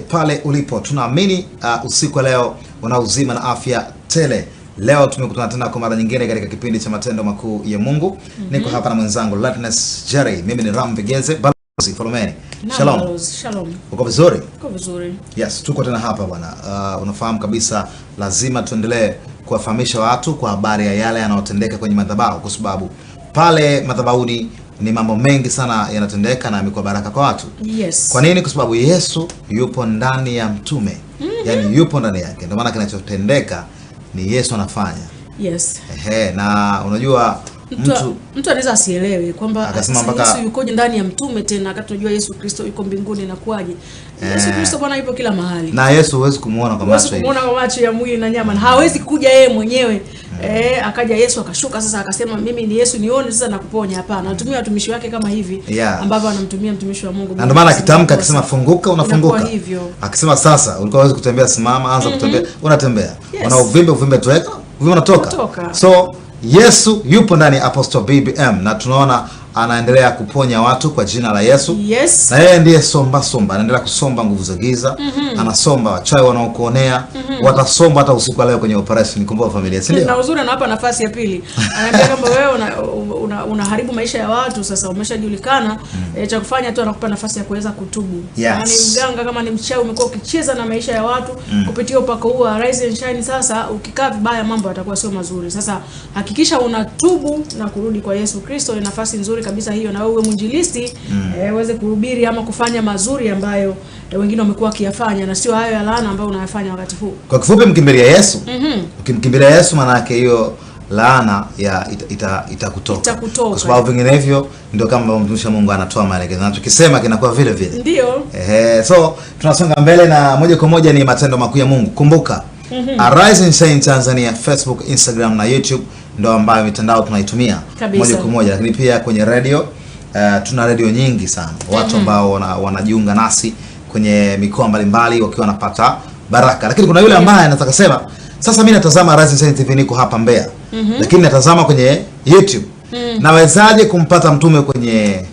pale ulipo, tunaamini uh, usiku wa leo una uzima na afya tele. Leo tumekutana tena kwa mara nyingine katika kipindi cha matendo makuu ya Mungu. mm -hmm. Niko hapa na mwenzangu Latness Jerry, mimi ni Ram Vigeze Balozi Folomeni. Shalom. Shalom. Uko vizuri? Uko vizuri. Yes, tuko tena hapa bwana. Uh, unafahamu kabisa lazima tuendelee kuwafahamisha watu kwa habari ya yale yanayotendeka kwenye madhabahu kwa sababu pale madhabahuni ni mambo mengi sana yanatendeka na amekuwa baraka kwa watu. Yes. Kwa nini? Kwa sababu Yesu yupo ndani ya mtume. Mm -hmm. Yaani yupo ndani yake. Ndio maana kinachotendeka ni Yesu anafanya. Yes. Ehe, na unajua mtu mtu anaweza asielewe kwamba Yesu yuko ndani ya mtume tena, akati unajua Yesu Kristo yuko mbinguni na kuaje? Eh. Yesu Kristo Bwana yupo kila mahali. Na Yesu huwezi kumuona kwa macho. Huwezi kumuona kwa macho ya mwili na nyama. na Hawezi kuja yeye mwenyewe Eh, akaja Yesu akashuka sasa akasema mimi ni Yesu nione sasa nakuponya. Hapana, anatumia watumishi wake kama hivi yeah, ambavyo anamtumia mtumishi wa Mungu. Na ndio maana akitamka akisema funguka unafunguka. Akisema sasa ulikuwa unaweza kutembea, simama, anza mm -hmm, kutembea, unatembea. Yes. Una uvimbe uvimbe toeka, uvimbe unatoka. So Yesu yupo ndani ya Apostle BBM na tunaona anaendelea kuponya watu kwa jina la Yesu. Yes. Na yeye ndiye somba somba, anaendelea kusomba nguvu za giza. Mm -hmm. Anasomba wachawi wanaokuonea, mm -hmm. watasomba hata usiku leo kwenye operation nikumbuka familia, si ndio? Na uzuri anawapa nafasi ya pili. Anaambia kwamba wewe una, unaharibu una maisha ya watu sasa umeshajulikana, mm -hmm. E, cha kufanya tu anakupa nafasi ya kuweza kutubu. Yes. Na ni mganga kama ni mchawi umekuwa ukicheza na maisha ya watu mm -hmm. kupitia upako huu wa Rise and Shine, sasa ukikaa vibaya mambo yatakuwa sio mazuri. Sasa hakikisha unatubu na kurudi kwa Yesu Kristo, ni nafasi nzuri nzuri kabisa hiyo, na wewe uwe mwinjilisti mm. e, kuhubiri ama kufanya mazuri ambayo e, wengine wamekuwa wakiyafanya na sio hayo ya laana ambayo unayafanya wakati huu. Kwa kifupi, mkimbilia Yesu. Ukimkimbilia mhm. mm -hmm. Yesu maana yake hiyo laana ya itakutoka ita, ita kwa sababu vinginevyo ndio kama mtumishi wa Mungu anatoa maelekezo na tukisema kinakuwa vile vile. Ndio. Ehe, so tunasonga mbele na moja kwa moja ni matendo makuu ya Mungu. Kumbuka, mm -hmm. Arise and Shine Tanzania, Facebook, Instagram na YouTube ndo ambayo mitandao tunaitumia moja kwa moja, lakini pia kwenye radio uh, tuna radio nyingi sana watu mhm. ambao wana, wanajiunga nasi kwenye mikoa mbalimbali wakiwa wanapata baraka, lakini kuna yule ambaye anataka sema sasa mimi natazama Rising Sun TV niko hapa Mbeya mm -hmm. lakini natazama kwenye YouTube mm -hmm. nawezaje kumpata mtume kwenye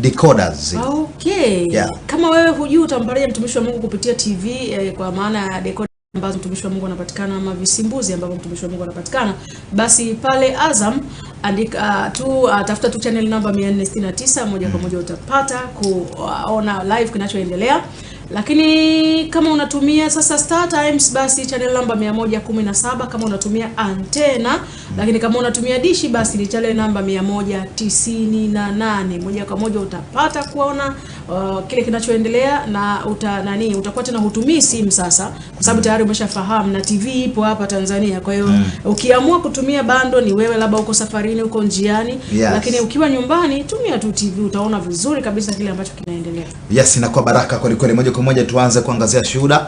decoders? Okay. Yeah. Kama wewe hujui utampatia mtumishi wa Mungu kupitia TV eh, kwa maana ya decoder ambazo mtumishi wa Mungu anapatikana ama visimbuzi ambavyo mtumishi wa Mungu anapatikana, basi pale Azam andika uh, tu uh, tafuta tu channel namba 469 moja kwa moja utapata kuona uh, live kinachoendelea. Lakini kama unatumia sasa Star Times basi channel namba 117, kama unatumia antena, lakini kama unatumia dishi basi ni channel namba 198, moja kwa moja utapata kuona uh, kile kinachoendelea na uta, nani utakuwa tena hutumii simu sasa, kwa sababu tayari umeshafahamu na TV ipo hapa Tanzania. Kwa hiyo mm. ukiamua kutumia bando ni wewe, labda uko safarini, uko njiani yes. Lakini ukiwa nyumbani tumia tu TV, utaona vizuri kabisa kile ambacho kinaendelea. Yes, inakuwa baraka kweli kweli. Moja kwa moja tuanze kuangazia shuhuda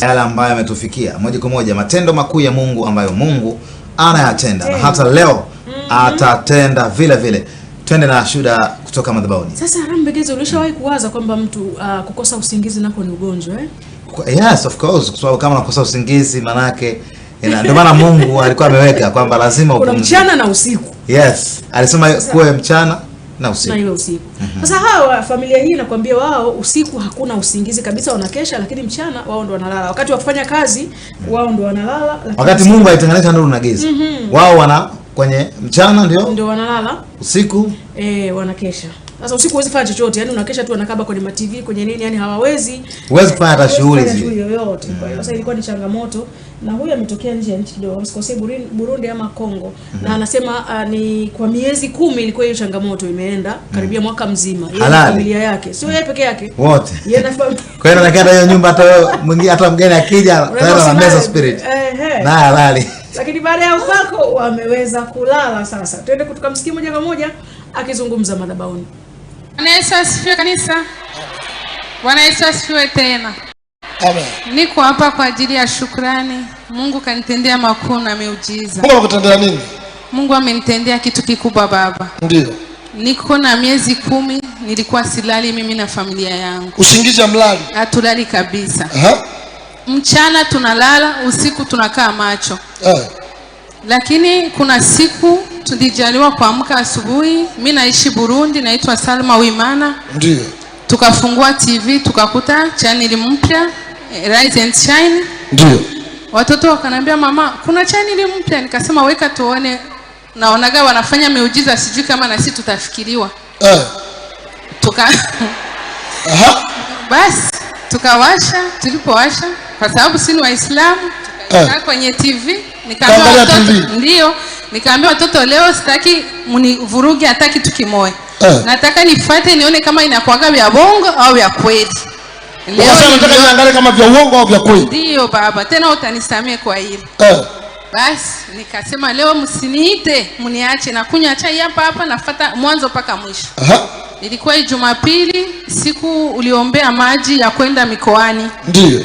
yale ambayo ametufikia moja kwa moja, matendo makuu ya Mungu ambayo Mungu anayatenda hey. na hata leo mm -hmm. atatenda vile vile. Twende na shuhuda kutoka madhabahuni. Sasa Haram Begezo, ulishawahi kuwaza kwamba mtu uh, kukosa usingizi nako ni ugonjwa eh? Yes, of course, kwa sababu kama unakosa usingizi manake eh, ndio maana Mungu alikuwa ameweka kwamba lazima upumzike. Mchana na usiku. Yes, alisema kuwe mchana na usiku. Na ile usiku. Mhm. Sasa mm -hmm. Hawa familia hii nakwambia wao usiku hakuna usingizi kabisa, wanakesha lakini mchana wao ndo wanalala. Wakati wa kufanya kazi mhm. wao ndo wanalala lakini wakati Mungu alitenganisha nuru na giza. Mm -hmm. Wao wana kwenye mchana ndio ndio wanalala usiku eh, wanakesha. Sasa usiku huwezi fanya chochote, yani unakesha tu, anakaba kwenye matv kwenye nini, yani hawawezi, huwezi kufanya hata shughuli yoyote. Kwa hiyo mm. sasa ilikuwa ni changamoto na huyu ametokea nje ya nchi kidogo, sikosei Burundi ama Kongo mm -hmm. na mm-hmm. anasema uh, ni kwa miezi kumi ilikuwa hiyo changamoto imeenda mm -hmm. karibia mwaka mzima, yeye na familia yake, sio yeye peke yake, wote yeye na familia. Kwa hiyo anakaa hiyo nyumba, hata mwingine, hata mgeni akija tayari ana meza spirit na halali lakini baada ya upako wameweza kulala. Sasa twende kutoka tukamsikie moja kwa moja akizungumza madhabahuni. Bwana Yesu asifiwe kanisa. Bwana Yesu asifiwe tena. Amen. Niko hapa kwa ajili ya shukrani. Mungu kanitendea makuu na miujiza. Mungu amekutendea nini? Mungu amenitendea kitu kikubwa baba. Ndio. Niko na miezi kumi nilikuwa silali mimi na familia yangu. Usingizi mlali? Hatulali kabisa. Aha. Mchana tunalala, usiku tunakaa macho. Eh. Lakini kuna siku tulijaliwa kuamka asubuhi. Mi naishi Burundi, naitwa Salma Wimana. Ndio. Tukafungua TV tukakuta chaneli mpya Rise and Shine. Ndio. Watoto wakanambia mama, kuna chaneli mpya, nikasema weka tuone. Naonaga wanafanya miujiza, sijui kama na sisi tutafikiriwa. Eh. Tuka Aha. Basi tukawasha, tulipowasha kwa sababu si ni Waislamu, tukakaa eh. kwenye TV, nikaambia watoto ndio, nikaambia watoto leo sitaki mnivuruge hata kitu kimoja. Eh. Nataka nifuate nione kama inakuwaga vya bongo au vya kweli. Nataka niangalie kama vya uongo au vya kweli. Ndio baba, tena utanisamehe kwa hili eh. Basi nikasema leo msiniite, mniache na kunywa chai hapa hapa, nafuata mwanzo mpaka mwisho. Ilikuwa Jumapili, siku uliombea maji ya kwenda mikoani. Ndio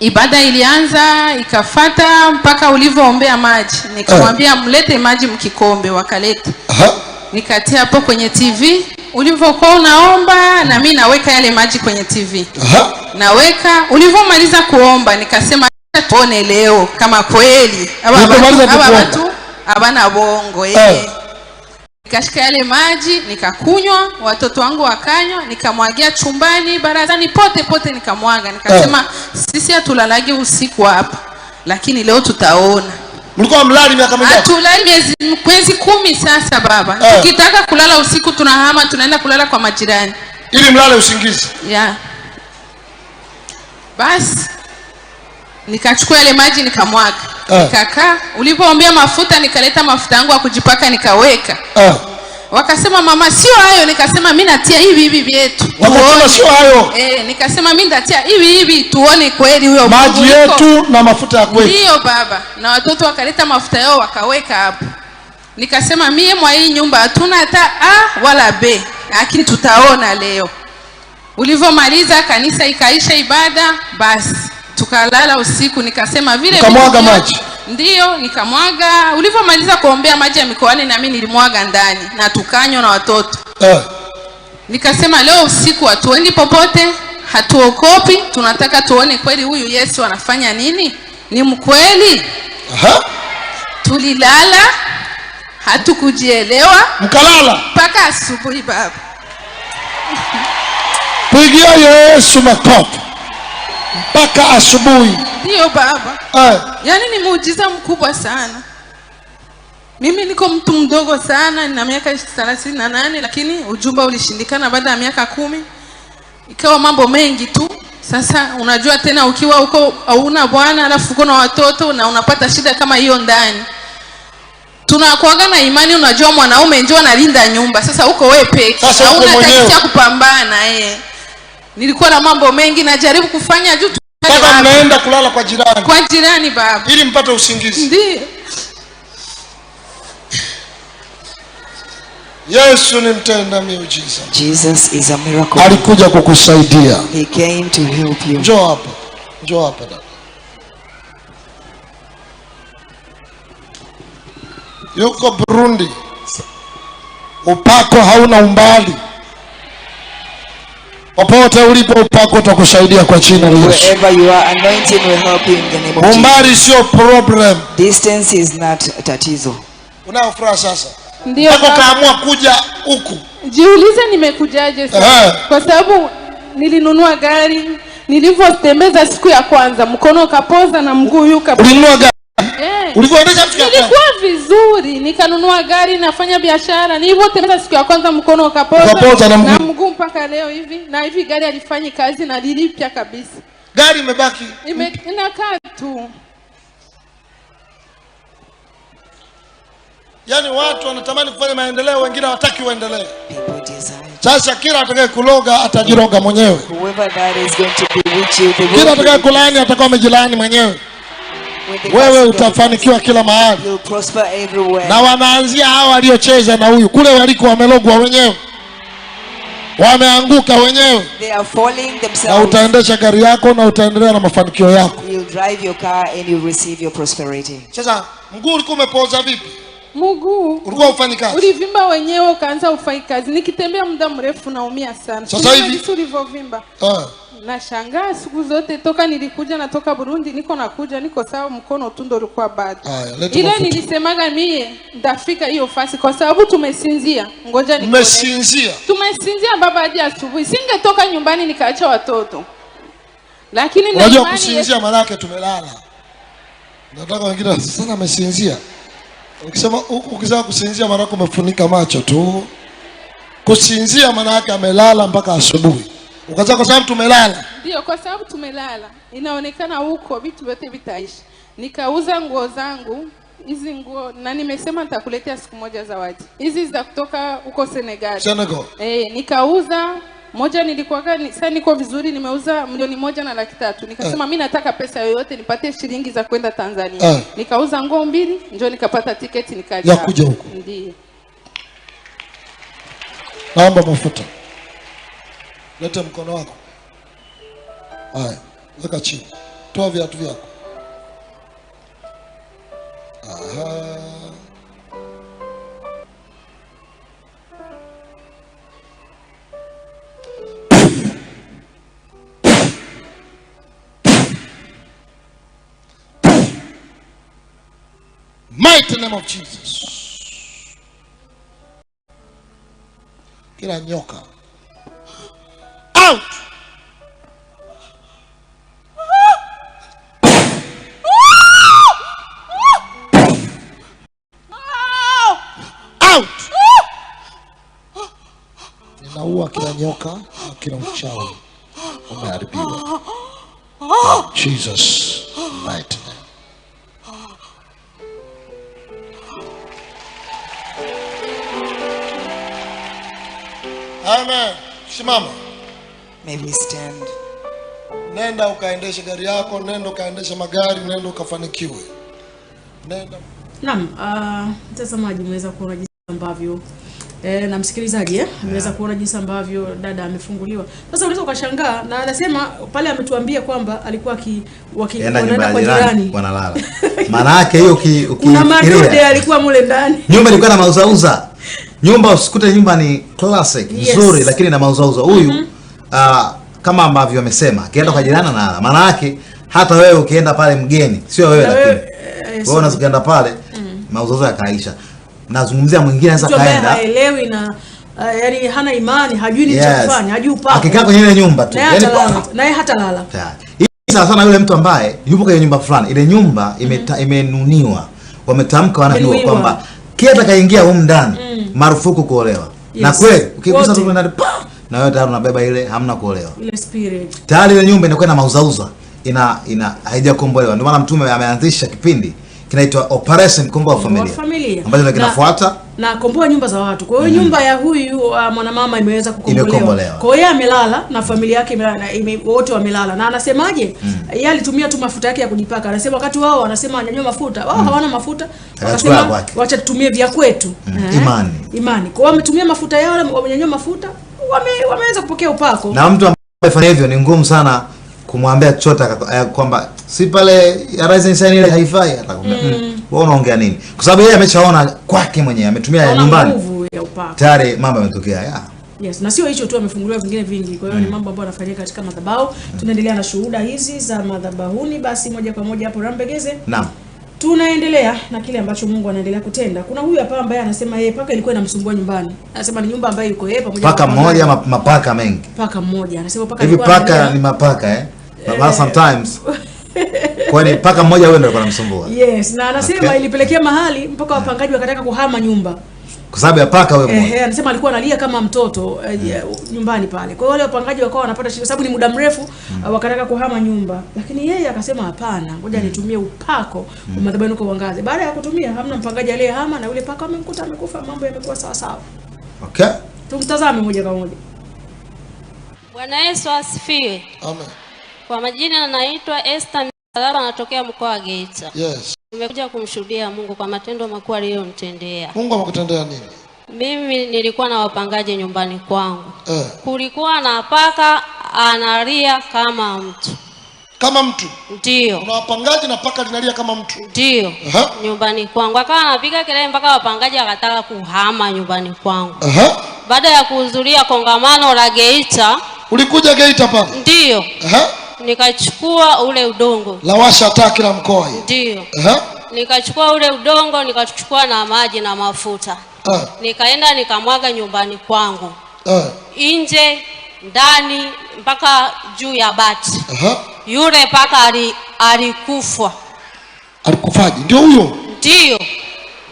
ibada ilianza ikafata mpaka ulivyoombea maji, nikamwambia eh. mlete maji mkikombe, wakaleta. Nikatia hapo kwenye TV ulivyokuwa unaomba na mi naweka yale maji kwenye TV. Aha. Naweka ulivyomaliza kuomba nikasema tuone leo kama kweli hawa watu habana bongo eh. Hey. Eh. Nikashika yale maji nikakunywa, watoto wangu wakanywa, nikamwagia chumbani, barazani, pote pote nikamwaga, nikasema hey. Eh. Sisi hatulalagi usiku hapa, lakini leo tutaona Mlikuwa mlali miaka mingapi? Hatulali miezi mwezi kumi sasa baba. Eh. Tukitaka kulala usiku tunahama tunaenda kulala kwa majirani. Ili mlale usingizi. Yeah. Basi nikachukua yale maji nikamwaga. Eh. Nikakaa, ulipoombea mafuta nikaleta mafuta yangu ya kujipaka nikaweka. Eh wakasema mama sio hayo nikasema mi natia hivi hivi vyetu wakasema sio hayo e, nikasema mi nitatia hivi hivi tuone kweli huyo maji yetu na mafuta ya kweli ndiyo baba na watoto wakaleta mafuta yao wakaweka hapo nikasema mie mwa hii nyumba hatuna hata a wala b lakini tutaona leo ulivyomaliza kanisa ikaisha ibada basi tukalala usiku, nikasema vile nikamwaga maji ndio nikamwaga. Ulivyomaliza kuombea maji ya mikoani, nami nilimwaga ndani na tukanywa na watoto uh. Nikasema leo usiku hatuendi popote, hatuokopi, tunataka tuone kweli huyu Yesu anafanya nini, ni mkweli uh -huh. Tulilala hatukujielewa, mkalala mpaka asubuhi. Baba, pigia Yesu makopo mpaka asubuhi. Ndiyo baba. Eh. Yaani ni muujiza mkubwa sana. Mimi niko mtu mdogo sana, nina miaka thelathini na nane, lakini ujumba ulishindikana baada ya miaka kumi, ikawa mambo mengi tu. Sasa unajua tena, ukiwa huko hauna bwana, alafu uko na watoto na unapata shida kama hiyo ndani. Tunakuaga na imani, unajua mwanaume ndio analinda nyumba. Sasa uko wewe peke, hauna kitu ya kupambana eh Nilikuwa na mambo mengi najaribu kufanya juu mpaka mnaenda kulala kwa jirani, kwa jirani baba, ili mpate usingizi. Ndiyo, Yesu ni mtenda miujiza. Jesus is a miracle. Alikuja kukusaidia. He came to help you. Njoo hapa, njoo hapa dada. Yuko Burundi, upako hauna umbali. Popote ulipo upako utakusaidia kwa jina la Yesu. Wherever you are, anointing will help you in the name of Jesus. Umbali sio problem. Distance is not tatizo. Unao furaha sasa? Ndio. Kaamua kuja huku. Jiulize nimekujaje sasa? Kwa sababu nilinunua gari, nilivyotembeza siku ya kwanza mkono ukapoza na mguu yuka. Ulinunua gari? Eh ulivyoendesha siku ya kwanza? Nilikuwa vizuri, nikanunua gari, nafanya biashara. Nilivyotembea siku ya kwanza mkono ukapoza, na mguu, na mguu mpaka leo hivi, na hivi gari halifanyi kazi na lilipya kabisa. Gari imebaki ime, inakaa tu. Yaani watu wanatamani kufanya maendeleo, wengine hawataki waendelee. Sasa kila atakaye kuloga atajiroga mwenyewe, kila atakaye kulaani atakuwa amejilaani mwenyewe wewe utafanikiwa kila mahali. Na wanaanzia hawa waliocheza na huyu kule waliko, wamelogwa wenyewe, wameanguka wenyewe, na utaendesha gari yako na utaendelea na mafanikio yako. Sasa mguu ulikuwa umepoza vipi? Mguu ulikuwa ufanyi kazi, ulivimba wenyewe ukaanza ufanyi kazi. Nikitembea muda mrefu naumia sana, sasa hivi ulivyovimba eh. Nashangaa siku zote toka nilikuja natoka Burundi, niko nakuja, niko sawa, mkono tu ndo ulikuwa bado ile. Nilisemaga mie ndafika hiyo fasi kwa sababu tumesinzia, ngoja nikone. Tumesinzia, tumesinzia baba hadi asubuhi, singetoka nyumbani nikaacha watoto, lakini unajua kusinzia yes... yake tumelala. Nataka wengine sana amesinzia ukisema, ukisema kusinzia maana umefunika macho tu. Kusinzia maana amelala mpaka asubuhi. Ukasema kwa sababu tumelala. Ndio, kwa sababu tumelala, inaonekana huko vitu vyote vitaishi. Nikauza nguo zangu hizi nguo na nimesema nitakuletea siku moja zawadi hizi za kutoka huko Senegal. Senegal. Eh, nikauza moja nilikuwa ni, sasa niko vizuri nimeuza milioni moja na laki tatu nikasema eh. mi nataka pesa yoyote nipate shilingi za kwenda Tanzania eh. nikauza nguo mbili ndio nikapata tiketi nikaja ya kuja huko. Ndio. Naomba mafuta lete mkono wako. Haya, weka chini, toa viatu vyako. Aha. Mighty name of Jesus. Kila nyoka nyoka na kila mchawi umeharibiwa. Jesus mighty Amen. Simama. Maybe stand. Nenda ukaendeshe gari yako, nenda ukaendeshe magari, nenda ukafanikiwe. Nenda. Naam, uh, mtazamaji, umeweza kuona jinsi ambavyo e, na msikilizaji eh, ameweza yeah, kuona jinsi ambavyo dada amefunguliwa. Sasa unaweza ukashangaa, na anasema pale ametuambia kwamba alikuwa ki wakienda yaani kwa jirani wanalala, maana yake hiyo ki, kuna madude alikuwa mule ndani, nyumba ilikuwa na mauzauza, nyumba usikute nyumba ni classic nzuri yes, lakini na mauzauza huyu mm -hmm. uh, kama ambavyo amesema akienda kwa jirani analala, maana yake hata wewe ukienda pale mgeni sio wewe, lakini eh, wewe unaweza pale mm -hmm. mauzauza yakaisha nazungumzia mwingine sasa kaenda haelewi na uh, yani hana imani, hajui nini cha kufanya, hajui upa. Akikaa kwenye ile nyumba tu, yani na yeye hata lala. Hii sana sana yule mtu ambaye yupo kwenye nyumba fulani, ile nyumba ime mm. imenuniwa, wametamka wanajua kwamba kila atakayeingia huko ndani mm. marufuku kuolewa. Yes. Na kweli ukigusa tu ndani pa na wewe tayari unabeba ile hamna kuolewa. Ile spirit. Tayari ile nyumba inakuwa na mauzauza ina ina haijakombolewa. Ndio maana Mtume ameanzisha kipindi kinaitwa Operation Komboa Familia, familia. ambacho kinafuata na komboa nyumba za watu. Kwa hiyo mm -hmm. nyumba ya huyu uh, mwanamama imeweza kukombolewa. Kwa hiyo amelala na familia yake imelala ime, wote wamelala, na anasemaje? mm -hmm. yeye alitumia tu mafuta yake ya kujipaka. Anasema wakati wao wanasema anyanyua mafuta wao, mm hawana mafuta, wakasema wacha tutumie vya kwetu. mm -hmm. imani imani. Kwa hiyo wametumia mafuta yao, wamenyanyua mafuta, wame, wameweza kupokea upako, na mtu ambaye fanya hivyo ni ngumu sana kumwambia chochote kwamba si pale ya Rising Sun ile haifai, atakwambia mm. mm. wewe unaongea nini? Kwa sababu yeye ameshaona kwake mwenyewe, ametumia ya nyumbani tayari, mambo yametokea ya Yes, na sio hicho tu, amefunguliwa vingine vingi. Kwa hiyo mm. ni mambo ambayo yanafanyika katika madhabahu mm. tunaendelea na shuhuda hizi za madhabahuni, basi moja kwa moja hapo Rambegeze. Naam. Tunaendelea na kile ambacho Mungu anaendelea kutenda. Kuna huyu hapa ambaye anasema yeye paka ilikuwa inamsumbua nyumbani. Anasema ni nyumba ambayo yuko yeye pamoja paka mmoja mapaka mengi. Paka mmoja. Anasema paka ilikuwa Hivi paka ni mapaka eh? baba sometimes kwani paka mmoja wewe ndio alikuwa anamsumbua. Yes, na anasema okay, ilipelekea mahali mpaka wapangaji wakataka kuhama nyumba kwa sababu ya paka wewe mmoja. Eh, anasema alikuwa analia kama mtoto yeah, hmm. nyumbani pale. Kwa hiyo wale wapangaji wakawa wanapata shida sababu ni muda mrefu mm, wakataka kuhama nyumba. Lakini yeye akasema hapana, ngoja mm, nitumie upako mm, wa madhabahu kwa uangaze. Baada ya kutumia hamna mpangaji aliyehama na yule paka amemkuta amekufa, mambo yamekuwa sawa sawa. Okay. Tumtazame moja kwa moja. Bwana Yesu asifiwe. Amen. Kwa majina naitwa Esther Msalaba, natokea mkoa wa Geita. Yes. Nimekuja kumshuhudia Mungu kwa matendo makuu aliyomtendea. Mungu amekutendea nini? Mimi nilikuwa na wapangaji nyumbani kwangu eh. Kulikuwa na paka analia kama mtu kama mtu ndio, na wapangaji na paka linalia kama mtu ndio. uh -huh. Nyumbani kwangu akawa anapiga kelele mpaka wapangaji akataka kuhama nyumbani kwangu. uh -huh. Baada ya kuhudhuria kongamano la Geita. Ulikuja Geita pale? Ndio. uh -huh nikachukua ule udongo lawasha taa kila mkoa ndio nikachukua ule udongo nikachukua na maji na mafuta eh. nikaenda nikamwaga nyumbani kwangu eh. nje ndani mpaka juu ya bati yule paka alikufa alikufaje ndio huyo ndio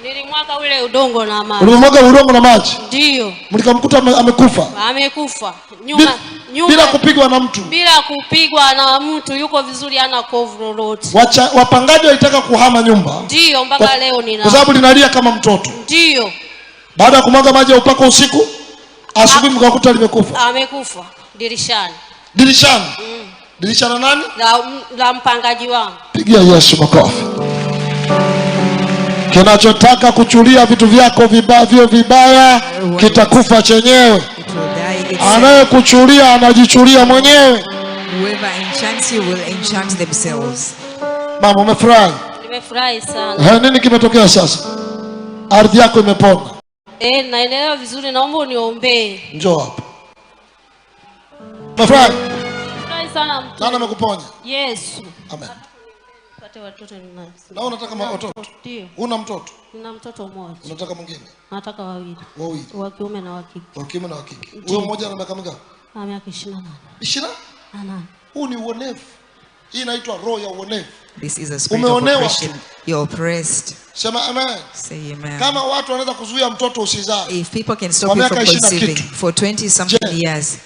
nilimwaga ule udongo na maji ulimwaga udongo na maji ndio mlikamkuta amekufa amekufa nyuma Bil nyumba, bila kupigwa na mtu, bila kupigwa na mtu, yuko vizuri, ana kovu lolote. Wapangaji walitaka kuhama nyumba, ndio mpaka kwa, leo nina kwa sababu linalia kama mtoto, ndio baada ya kumwaga maji ya upako usiku, asubuhi mkakuta limekufa, amekufa dirishani, dirishani mm. dirishana nani? La, la mpangaji wangu. Pigia Yesu makofi. Kinachotaka kuchulia vitu vyako vibavyo vibaya kitakufa chenyewe. Anayekuchulia anajichulia mwenyewe. Whoever enchants you will enchant themselves. Mama, umefurahi? Nimefurahi sana. Eh, nini kimetokea sasa? Ardhi yako imepona. Eh, naelewa vizuri, naomba uniombee. Njoo hapa. Umefurahi? Nimefurahi sana mtu. Nani amekuponya? Yesu. Amen. Pate watoto ni nani? Na unataka watoto? Ndio. Una mtoto? Nina mtoto mmoja. Unataka mwingine? Nataka wawili. Wawili. Wa kiume na wa kike. Wa kiume na wa kike. Huyo mmoja ana miaka mingapi? Ana miaka 28. 28. Ana. Huu ni uonevu. Hii inaitwa roho ya uonevu. This is a spirit Umeonewa. of oppression. You're oppressed. Sema amen. Say amen. Kama watu wanaweza kuzuia mtoto usizae. If people can stop you from conceiving for 20 something years.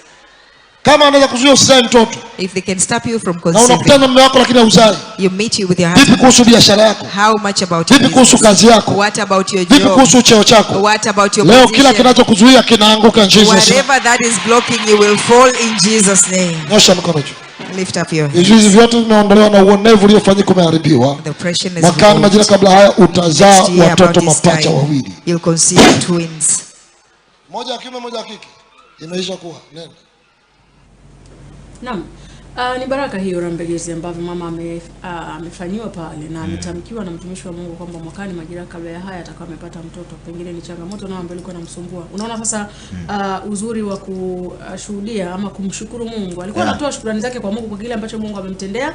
Kama anaweza kuzuia usizae mtoto if they can stop you from conceiving, na unakutana mume wako lakini hauzai, you meet you with your husband. Vipi kuhusu biashara yako? How much about vipi kuhusu kazi yako? What about your job? Vipi kuhusu cheo chako? What about your leo? Kila kinachokuzuia kinaanguka in Jesus name. Whatever that is blocking you will fall in Jesus name. Nyosha mkono juu. Lift up your hands. Vizuizi vyote vimeondolewa na uonevu uliofanyika umeharibiwa. Mwakani majira kabla haya utazaa watoto mapacha wawili, you'll conceive twins, moja wa kiume moja wa kike. Imeisha kuwa neno Naam. Uh, ni baraka hiyo Rambegezi ambavyo mama ah, amefanyiwa uh, pale na mm. ametamkiwa mm. na mtumishi wa Mungu kwamba mwakani majira kabla ya haya atakuwa amepata mtoto. Pengine ni changamoto nao ambayo ilikuwa inamsumbua. Unaona sasa uh, uzuri wa kushuhudia ama kumshukuru Mungu. Alikuwa anatoa yeah. shukrani zake kwa Mungu kwa kile ambacho Mungu amemtendea.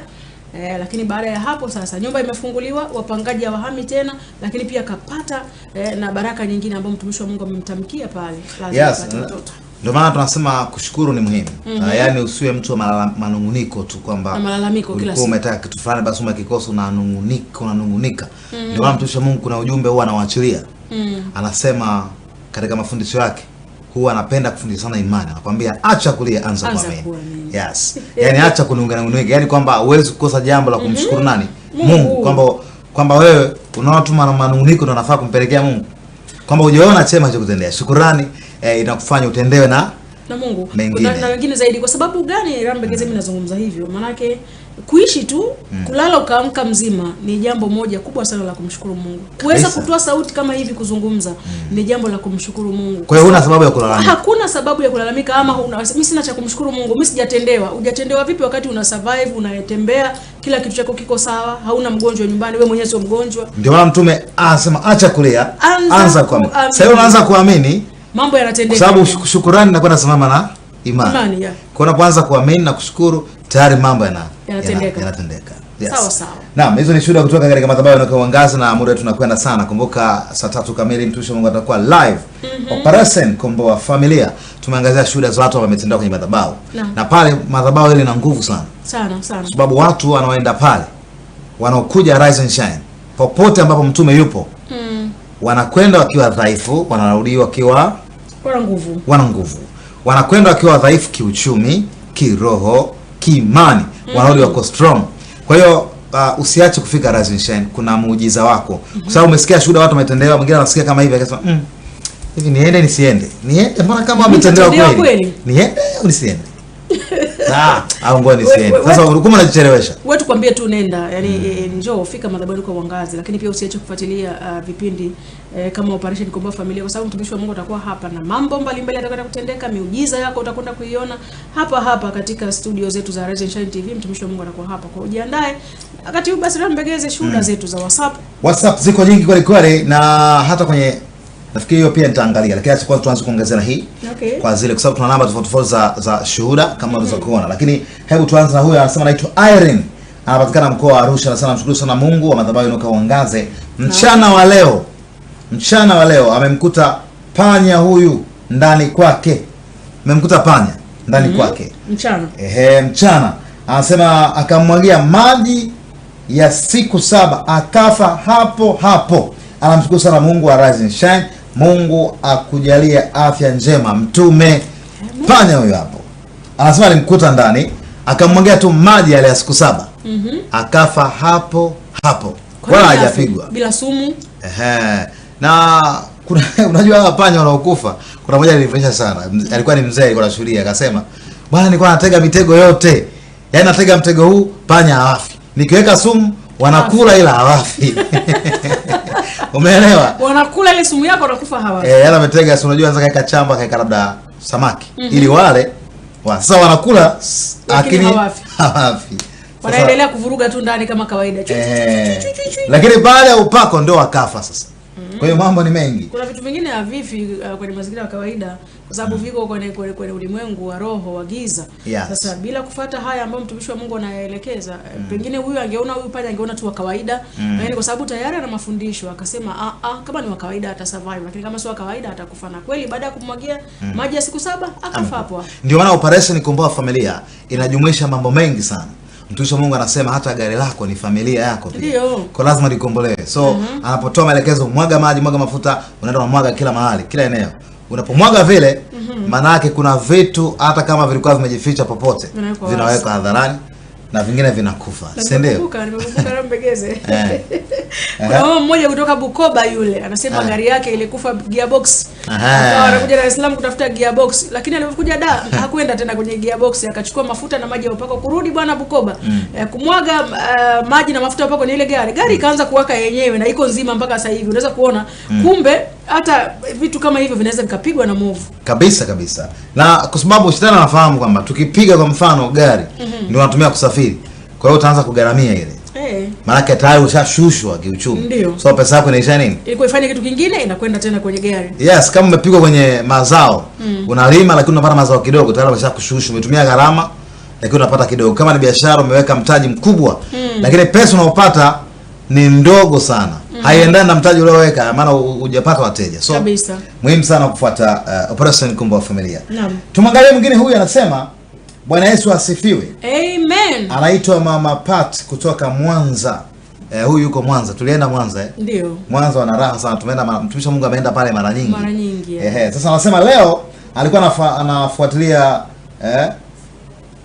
Eh, lakini baada ya hapo sasa nyumba imefunguliwa, wapangaji hawahami tena, lakini pia kapata eh, na baraka nyingine ambayo mtumishi wa Mungu amemtamkia pale. Lazima yes. apate mtoto. Ndio maana tunasema kushukuru ni muhimu mm -hmm. yaani usiwe mtu wa manunguniko tu kwamba malalamiko kila siku, umetaka kitu fulani basi umekikosa unanungunika unanungunika. mm -hmm. Ndio maana mtumishi wa Mungu kuna ujumbe huwa anawaachilia. mm Anasema katika mafundisho yake huwa anapenda kufundisha sana imani, anakwambia acha kulia, anza kwa mimi. Yes, yaani acha kunungunika, yaani kwamba huwezi kukosa jambo la mhm. kumshukuru mm -hmm. Mungu, kwamba kwamba wewe unaona tu manunguniko ndio unafaa kumpelekea Mungu, kwamba hujaona chema cha kutendea shukurani e, inakufanya utendewe na na Mungu mengine. Na wengine zaidi. Kwa sababu gani Rambegeze mimi nazungumza hivyo? Maanake kuishi tu mm. kulala ukaamka mzima ni jambo moja kubwa sana la kumshukuru Mungu. Kuweza kutoa sauti kama hivi kuzungumza mm. ni jambo la kumshukuru Mungu. Kwa hiyo huna sababu ya kulalamika. Hakuna sababu ya kulalamika ama huna mimi sina cha kumshukuru Mungu. Mimi sijatendewa. Hujatendewa vipi wakati una survive, unayetembea, kila kitu chako kiko sawa, hauna mgonjwa nyumbani, wewe mwenyewe sio mgonjwa. Ndio maana mtume anasema acha kulia, anza, anza kuamini. Sasa unaanza kuamini mambo yanatendeka, kwa sababu shukurani nakuwa simama na imani, imani yeah. Kwa unapoanza kuamini na kushukuru tayari mambo yana yanatendeka yanatendeka. Yes. Sawa sawa. Naam, hizo ni shuhuda kutoka katika madhabahu kuangaza na muda wetu tunakwenda sana. Kumbuka saa tatu kamili mtumishi Mungu atakuwa live. Mm -hmm. Operation Komboa Familia. Tumeangazia shuhuda za watu ambao wametendeka kwenye madhabahu. Na, na pale madhabahu ile ina nguvu sana. Sana sana. Sababu watu wanaoenda pale wanaokuja Rise and Shine. Popote ambapo mtume yupo wanakwenda wakiwa dhaifu, wanarudi wakiwa wana nguvu, wana nguvu, wanakwenda wakiwa dhaifu kiuchumi, kiroho, kiimani, wanarudi wako mm-hmm. strong. Kwa hiyo uh, usiache kufika Rising Shine, kuna muujiza wako mm -hmm. Kwa mm-hmm. sababu umesikia shuhuda watu wametendewa, mwingine anasikia kama hivi akasema mm, hivi niende nisiende? Niende mbona kama wametendewa kweli? Niende au nisiende? Ah, au ngoja nisiende. Sasa tu nenda, yaani mm. njoo fika madhabahuni kwa uangazi, lakini pia usiache kufuatilia uh, vipindi eh, kama Operation Komboa Familia kwa sababu mtumishi wa Mungu atakuwa hapa na mambo mbalimbali yatakwenda kutendeka, miujiza yako utakwenda kuiona hapa hapa katika studio zetu za Rise and Shine TV. Mtumishi wa Mungu atakuwa hapa. Kwa ujiandae. Wakati huu basi leo mbegeze shuhuda mm. zetu za WhatsApp. WhatsApp ziko nyingi kwelikweli na hata kwenye Nafikiri hiyo pia nitaangalia, lakini acha kwanza tuanze kuongezea na hii. Okay. Kwa zile kwa sababu tuna namba tofauti tofauti za za shuhuda kama unaweza mm -hmm. kuona. Lakini hebu tuanze na huyo anasema anaitwa Irene. Anapatikana mkoa wa Arusha. Anasema namshukuru sana Mungu wa madhabahu yenu kaangaze. Mchana no. wa leo. Mchana wa leo amemkuta panya huyu ndani kwake. Amemkuta panya ndani mm -hmm. kwake. Mchana. Ehe, mchana. Anasema akamwagia maji ya siku saba akafa hapo hapo. Anamshukuru sana Mungu wa Rise and Shine Mungu akujalie afya njema. Mtume panya huyo hapo anasema alimkuta ndani akamwagia tu maji yale ya siku saba mm -hmm. akafa hapo hapo, wala hajapigwa bila sumu. Ehe, na kuna unajua hawa panya wanaokufa, kuna moja nilifurahisha sana, alikuwa ni mzee, alikuwa anashuhudia, akasema bwana, nilikuwa natega mitego yote, yaani natega mtego huu, panya hawafi, nikiweka sumu wanakula ila hawafi umeelewa? Wanakula ile sumu yako wanakufa hawa. Eh, yale ametega si unajua anza kaeka chamba kaeka labda samaki mm -hmm. ili wale wa sasa wanakula lakini hawafi. Wanaendelea kuvuruga tu ndani kama kawaida. Chuchu, chuchu, chuchu, chuchu. eh, Lakini baada ya upako ndio wakafa sasa. Mm-hmm. Kwa hiyo mambo ni mengi. Kuna vitu vingine havifi uh, kwenye mazingira ya kawaida kwa sababu mm. viko kwenye kwenye, kwenye ulimwengu wa roho wa giza. Yes. Sasa bila kufata haya ambayo mtumishi wa Mungu anaelekeza, eh, mm. pengine huyu angeona huyu pale angeona tu wa kawaida, mm. yaani kwa sababu tayari ana mafundisho akasema a ah, a ah, kama ni wa kawaida ata survive, lakini kama sio wa kawaida atakufa. Na kweli baada ya kumwagia mm. maji ya siku saba akafa hapo. Ndio maana operation Komboa Familia inajumuisha mambo mengi sana. Mtumishi wa Mungu anasema hata gari lako ni familia yako pia. Kwa lazima likombolewe. So mm -hmm. anapotoa maelekezo mwaga maji, mwaga mafuta, unaenda unamwaga kila mahali, kila eneo. Unapomwaga vile mhm. maana mm -hmm. yake kuna vitu hata kama vilikuwa vimejificha popote vinawekwa hadharani na vingine vinakufa, si ndio? Eh. Kuna mmoja kutoka Bukoba yule anasema eh. gari yake ilikufa gearbox, anakuja Dar es Salaam kutafuta gearbox, lakini alipokuja da hakuenda tena kwenye gearbox, akachukua mafuta na maji ya upako kurudi bwana Bukoba mm. Eh, kumwaga uh, maji na mafuta ya upako kwenye ile gari, gari mm. ikaanza kuwaka yenyewe na iko nzima mpaka sasa hivi, unaweza kuona mm. Kumbe hata vitu kama hivyo vinaweza vikapigwa na movu kabisa kabisa, na kwa sababu shetani anafahamu kwamba tukipiga kwa mfano gari mm -hmm. ndio anatumia kusafiri usafiri, kwa hiyo utaanza kugaramia ile hey. Eh. Maanake tayari ushashushwa kiuchumi, ndio so pesa yako inaisha nini, ilikuwa ifanye kitu kingine, inakwenda tena kwenye gari. Yes, kama umepigwa kwenye mazao mm. unalima lakini unapata mazao kidogo, tayari umeshakushushwa, umetumia gharama lakini unapata kidogo. Kama ni biashara umeweka mtaji mkubwa mm. lakini pesa unaopata ni ndogo sana mm. haiendani na mtaji ulioweka, maana hujapata wateja. So kabisa muhimu sana kufuata uh, operation Kumbwa wa Familia. Tumwangalie mwingine huyu anasema Bwana Yesu asifiwe. Amen. Anaitwa Mama Pat kutoka Mwanza. Eh, huyu yuko Mwanza. Tulienda Mwanza eh? Ndio. Mwanza wana raha sana. Tumeenda mtumishi Mungu ameenda pale mara nyingi. Mara nyingi. Eh, eh. Sasa anasema leo alikuwa anafuatilia eh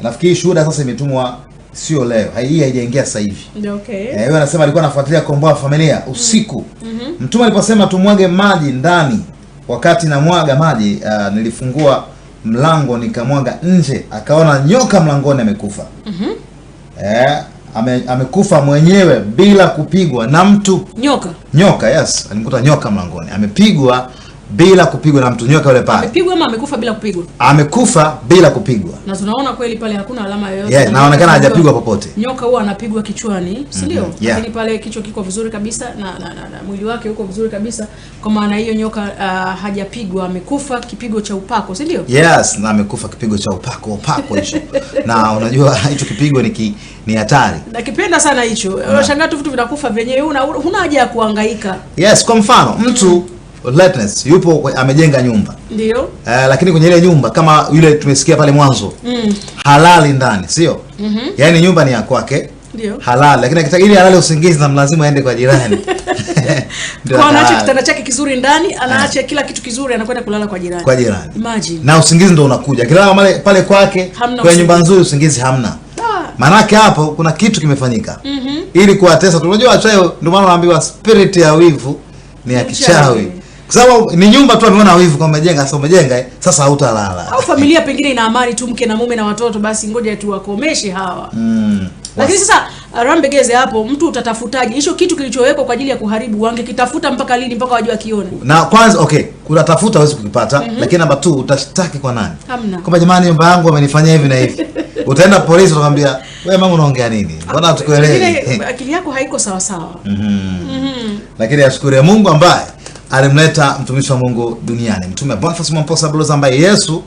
nafikiri shuhuda sasa imetumwa sio leo. Hii haijaingia sasa hivi. Ndio Okay. Eh, yeye anasema alikuwa anafuatilia komboa familia mm-hmm. usiku. Mm -hmm. Mtume aliposema tumwage maji ndani wakati namwaga maji uh, nilifungua mlango nikamwaga nje, akaona nyoka mlangoni amekufa. mm -hmm. e, ame, amekufa mwenyewe bila kupigwa na mtu. Nyoka nyoka, yes, alimkuta nyoka mlangoni amepigwa bila kupigwa na mtu nyoka yule pale. Amepigwa ama amekufa bila kupigwa? Amekufa bila kupigwa. Na tunaona kweli pale hakuna alama yoyote. Yeah, naonekana hajapigwa popote. Nyoka huwa anapigwa kichwani, si mm-hmm. ndio? Mm -hmm. Yeah. Lakini pale kichwa kiko vizuri kabisa na, na, na, na mwili wake uko vizuri kabisa. Kwa maana hiyo nyoka uh, hajapigwa, amekufa kipigo cha upako, si ndio? Yes, na amekufa kipigo cha upako, upako hicho. na unajua hicho kipigo ni ki, ni hatari. Nakipenda sana hicho. Ah. Unashangaa tu vitu vinakufa vyenyewe, huna haja ya kuhangaika. Yes, kwa mfano mtu mm-hmm Lightness yupo amejenga nyumba. Ndio. Uh, lakini kwenye ile nyumba kama yule tumesikia pale mwanzo. Mm. Halali ndani, sio? Mm -hmm. Yaani nyumba ni ya kwake. Ndio. Halali, lakini akitaka ili halali usingizi na mlazimu aende kwa jirani. Ndio. Kwa anaacha kitanda chake kizuri ndani, anaacha eh. kila kitu kizuri anakwenda kulala kwa jirani. Kwa jirani. Imagine. Na usingizi ndio unakuja. Kila pale pale kwake, kwa nyumba nzuri usingizi hamna. Ah. Maanake hapo kuna kitu kimefanyika. Mm -hmm. Ili kuwatesa. Tunajua wachawi ndio maana wanaambiwa spirit ya wivu ni ya kichawi. Kwa sababu ni nyumba tu ameona wivu kwa jenga sasa umejenga eh, sasa hautalala. Au familia pengine ina amani tu mke na mume na watoto basi ngoja tu wakomeshe hawa. Mm. Lakini sasa uh, Rambegeze hapo mtu utatafutaje? Hicho kitu kilichowekwa kwa ajili ya kuharibu wangekitafuta mpaka lini mpaka waje wakione? Na kwanza okay, unatafuta huwezi kukipata, mm -hmm. Lakini namba 2 utashtaki kwa nani? Hamna. Kwamba jamani nyumba yangu amenifanyia hivi na hivi. Utaenda polisi utakwambia wewe mama unaongea nini? Mbona hatukuelewi? Akili yako haiko sawa sawa. Mhm. Mm mm -hmm. Lakini ashukuru Mungu ambaye alimleta mtumishi wa Mungu duniani, Mtume Boniface Mposa Buluza ambaye Yesu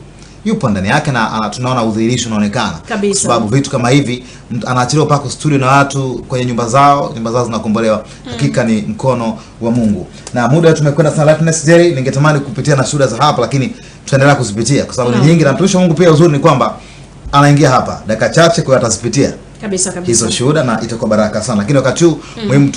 yupo ndani yake na tunaona udhihirisho unaonekana, kwa sababu vitu kama hivi anaachiliwa pako studio na watu kwenye nyumba zao, nyumba zao zinakombolewa. Hmm. Hakika mm, ni mkono wa Mungu na muda tumekwenda sana. Lightness Jerry, ningetamani kupitia na shuhuda za hapa, lakini tutaendelea kuzipitia kwa sababu no, ni hmm. nyingi na mtumishi wa Mungu pia. Uzuri ni kwamba anaingia hapa dakika chache kwa atazipitia kabisa, kabisa. hizo shuhuda na itakuwa baraka sana, lakini wakati huu mm. muhimu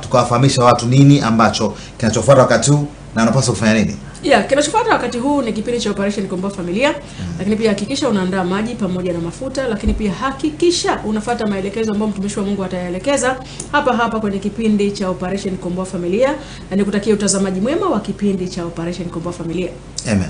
tukawafahamisha watu nini ambacho kinachofuata wakati huu na anapasa kufanya nini. Yeah, kinachofuata wakati huu ni kipindi cha Operation Komboa Familia mm. lakini pia hakikisha unaandaa maji pamoja na mafuta, lakini pia hakikisha unafuata maelekezo ambayo mtumishi wa Mungu atayaelekeza hapa hapa kwenye kipindi cha Operation Komboa Familia, na nikutakia utazamaji mwema wa kipindi cha Operation Komboa Familia. Amen.